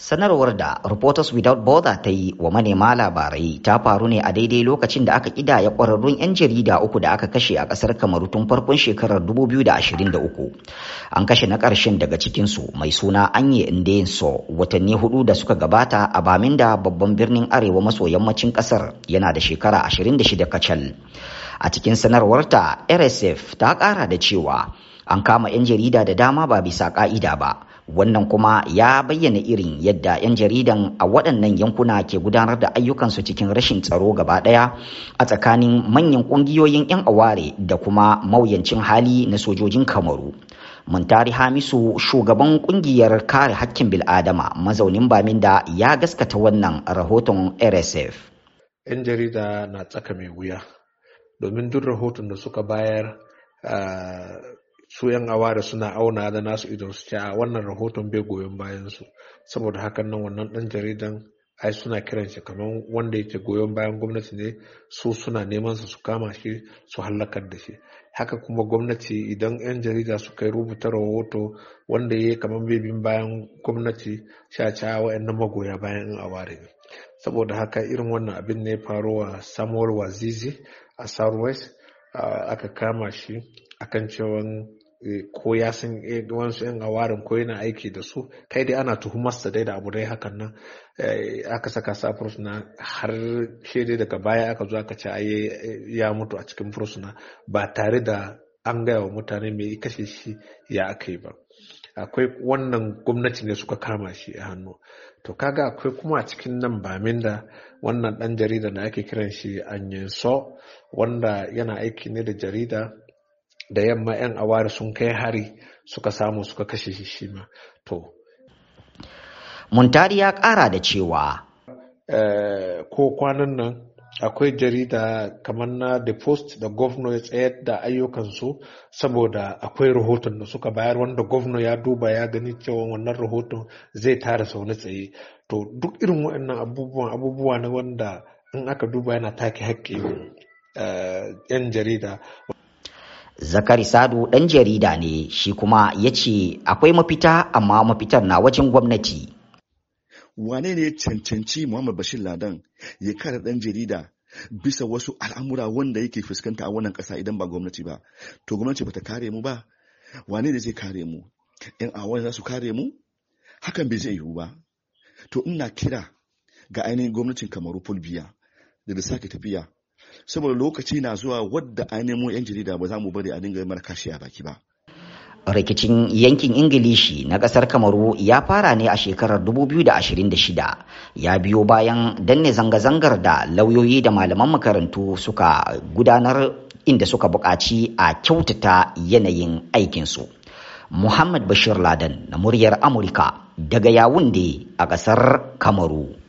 Sanarwar da Reporters Without Border ta yi wa manema labarai ta faru ne a daidai lokacin da aka ƙidaya ƙwararrun 'yan jarida uku da aka kashe a ƙasar Kamaru tun farkon shekarar 2023. An kashe na ƙarshen daga cikinsu mai suna Anye Ndenso watanni hudu da suka gabata a Baminda babban birnin arewa maso yammacin ƙasar, yana da shekara 26 kacal. A cikin sanarwarta RSF ta ƙara da cewa an kama 'yan jarida da dama ba bisa ƙa'ida ba. wannan kuma ya bayyana irin yadda 'yan jaridan a waɗannan yankuna ke gudanar da ayyukansu cikin rashin tsaro gaba ɗaya a tsakanin manyan ƙungiyoyin 'yan aware da kuma mauyancin hali na sojojin kamaru muntari hamisu shugaban ƙungiyar kare hakkin bil'adama mazaunin baminda ya gaskata wannan rahoton rsf 'yan jarida na tsaka mai wuya domin duk rahoton da suka bayar ah, su yan awara suna auna da nasu idan su a wannan rahoton bai goyon bayan su saboda hakan nan wannan dan jaridan ai suna kiran shi kamar wanda yake goyon bayan gwamnati ne su suna neman su kama shi su hallakar da shi haka kuma gwamnati idan 'yan jarida suka yi rubuta rahoto wanda ya yi kamar bin bayan gwamnati sha ca wa'annan magoya bayan in aware ne saboda haka irin wannan abin ne faruwa samuwar wazizi a southwest aka kama shi akan cewa Eh, ko ya san eh, wasu yan awarin ko yana aiki da su kai dai ana tuhumarsa dai da abu dai hakan nan eh, aka saka sa fursuna har shi dai daga baya aka zo aka ce aye ya mutu a cikin fursuna ba tare da an gaya wa mutane mai kashe shi ya aka yi ba akwai wannan gwamnati ne suka kama shi a hannu to kaga akwai kuma a cikin nan ba min da wannan dan jarida da ake kiran shi anyenso wanda yana aiki ne da jarida da yamma 'yan awari sun kai hari suka samu suka kashe shi shi ma to muntari ya ƙara da cewa eh, ko kwanan nan akwai jarida kamar na the post da gwamna ya tsayar da ayyukansu saboda akwai rahoton da suka bayar wanda gwamna ya duba ya gani cewa wannan rahoton zai tara sau na tsaye to duk irin waɗannan abubuwan abubuwa na wanda in aka duba yana take hakki, 'yan eh, jarida zakari sadu dan jarida ne shi kuma ya ce akwai mafita amma mafitar na wajen gwamnati wane ne cancanci muhammad bashir ladan ya kare dan jarida bisa wasu al'amura wanda yake fuskanta a wannan ƙasa idan ba gwamnati ba to gwamnati bata kare mu ba wane ne zai kare mu In a za su kare mu hakan bai zai yiwu ba to ina kira ga ainihin gwamnatin kamaru fulbiya da da sake tafiya saboda lokaci na zuwa wadda a nemo 'yan jarida ba za mu bari a dinga mara kashi a baki ba rikicin yankin ingilishi na kasar kamaru ya fara ne a shekarar 2026 ya biyo bayan danne zanga-zangar da lauyoyi da malaman makarantu suka gudanar inda suka buƙaci a kyautata yanayin aikinsu muhammad bashir Ladan na muryar amurka daga yawun a ƙasar kamaru